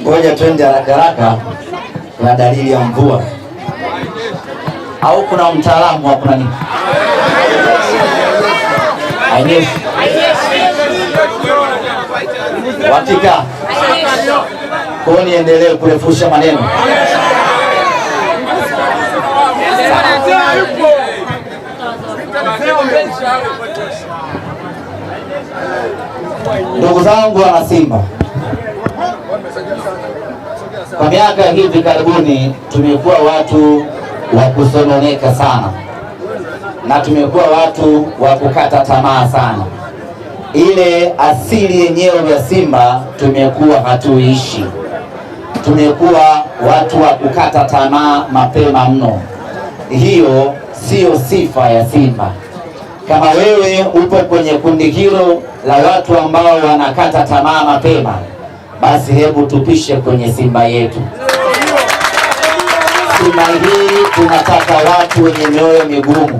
Ngoja twende haraka haraka na dalili ya mvua au kuna mtaalamu wa kuna nini? Watika ko niendelee kurefusha maneno. Ndugu zangu wanasimba, kwa miaka hivi karibuni tumekuwa watu wa kusononeka sana, na tumekuwa watu wa kukata tamaa sana. Ile asili yenyewe ya Simba tumekuwa hatuishi, tumekuwa watu wa kukata tamaa mapema mno. Hiyo siyo sifa ya Simba. Kama wewe upo kwenye kundi hilo la watu ambao wanakata tamaa mapema, basi hebu tupishe kwenye Simba yetu. Sima hii tunataka watu wenye mioyo migumu.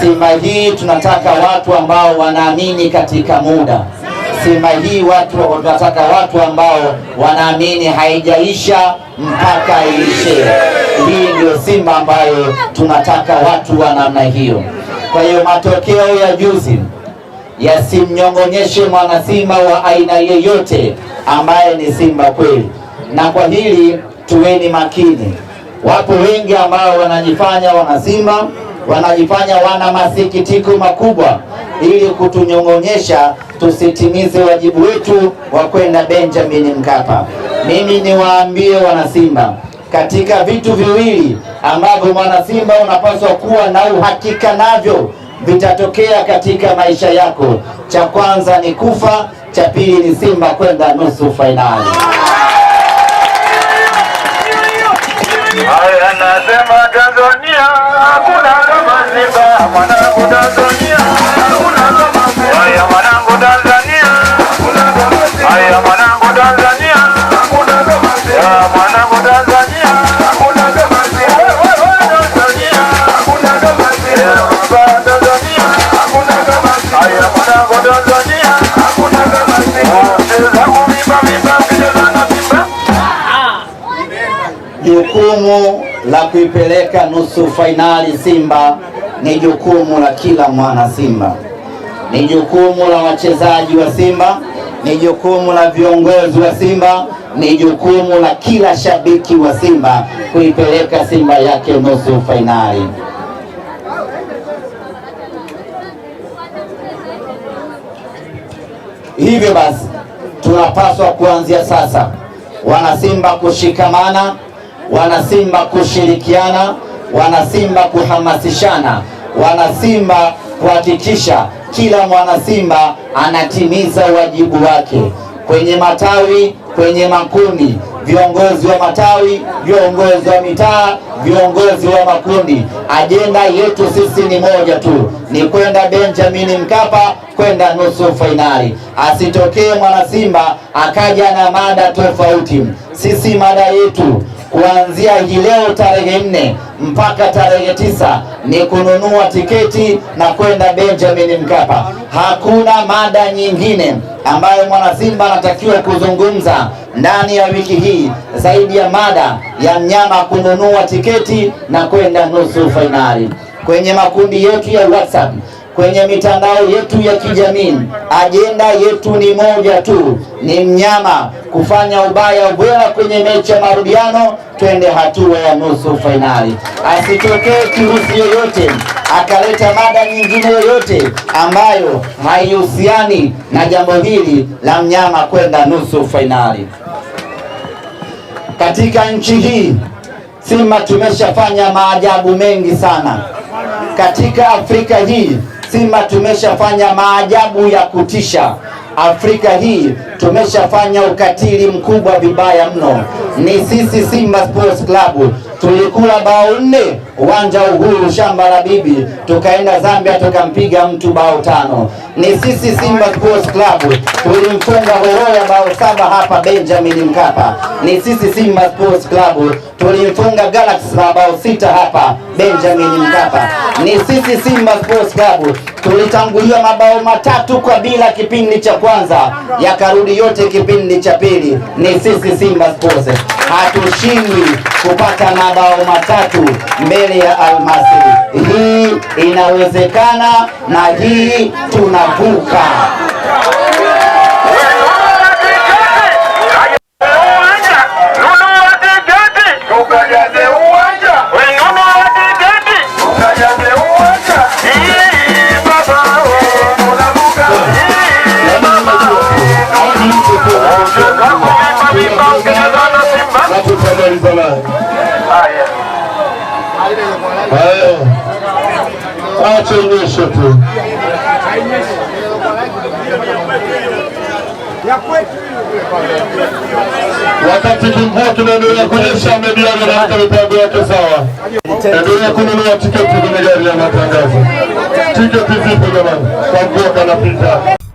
Sima hii tunataka watu ambao wanaamini katika muda. Sima hii watu tunataka watu ambao wanaamini haijaisha mpaka iishe. Hii ndio Simba ambayo tunataka watu wa namna hiyo. Kwa hiyo matokeo ya juzi yasimnyong'onyeshe mwanasimba wa aina yeyote ambaye ni Simba kweli, na kwa hili tuweni makini. Wapo wengi ambao wanajifanya wanasimba, wanajifanya wana masikitiko makubwa, ili kutunyong'onyesha tusitimize wajibu wetu wa kwenda Benjamin Mkapa. Mimi niwaambie wanasimba, katika vitu viwili ambavyo mwanasimba unapaswa kuwa na uhakika navyo vitatokea katika maisha yako, cha kwanza ni kufa, cha pili ni Simba kwenda nusu fainali. anasema Tanzania hakuna kama Simba, mwanangu Tanzania hakuna kama Simba. Haya mwanangu Tanzania hakuna kama Simba. Haya mwanangu Tanzania hakuna kama Simba. Ya mwanangu Tanzania hakuna kama Simba. Wewe Tanzania hakuna kama Simba. Ya Tanzania hakuna kama Simba. Haya mwanangu Tanzania hakuna kama Simba. Jukumu la kuipeleka nusu fainali Simba ni jukumu la kila mwana Simba, ni jukumu la wachezaji wa Simba, ni jukumu la viongozi wa Simba, ni jukumu la kila shabiki wa Simba kuipeleka Simba yake nusu fainali. Hivyo basi tunapaswa kuanzia sasa wanasimba kushikamana wanasimba kushirikiana, wanasimba kuhamasishana, wanasimba kuhakikisha kila mwanasimba anatimiza wajibu wake kwenye matawi, kwenye makundi, viongozi wa matawi, viongozi wa mitaa, viongozi wa makundi. Ajenda yetu sisi ni moja tu, ni kwenda Benjamin Mkapa, kwenda nusu fainali. Asitokee mwanasimba akaja na mada tofauti. Sisi mada yetu kuanzia hii leo tarehe nne mpaka tarehe tisa ni kununua tiketi na kwenda Benjamin Mkapa. Hakuna mada nyingine ambayo mwana Simba anatakiwa kuzungumza ndani ya wiki hii zaidi ya mada ya mnyama kununua tiketi na kwenda nusu fainali. Kwenye makundi yetu ya WhatsApp kwenye mitandao yetu ya kijamii, ajenda yetu ni moja tu, ni mnyama kufanya ubaya ubwela kwenye mechi ya marudiano, twende hatua ya nusu fainali. Asitokee kirusi yoyote akaleta mada nyingine yoyote ambayo haihusiani na jambo hili la mnyama kwenda nusu fainali. Katika nchi hii Simba tumeshafanya maajabu mengi sana katika Afrika hii. Simba tumeshafanya maajabu ya kutisha Afrika hii, tumeshafanya ukatili mkubwa, vibaya mno. Ni sisi Simba Sports Club tulikula bao nne uwanja Uhuru, shamba la bibi, tukaenda Zambia tukampiga mtu bao tano. Ni sisi Simba Sports Club tulimfunga Horoya bao saba hapa Benjamin Mkapa. Ni sisi Simba Sports Club tulimfunga Galaxy bao sita hapa Benjamin Mkapa. Ni sisi Simba Sports Club tulitanguliwa mabao matatu kwa bila kipindi cha kwanza, yakarudi yote kipindi cha pili. Ni sisi Simba Sports hatushindwi kupata mabao matatu mbele ya Almasry. Hii inawezekana na hii tunavuka. కాచలు వేసేట్టు wakati mkuu tunaendelea media na hata mipango yake sawa. Endelea kununua tiketi kwenye gari ya matangazo. Tiketi zipo jamani, kwa mkuu kanapita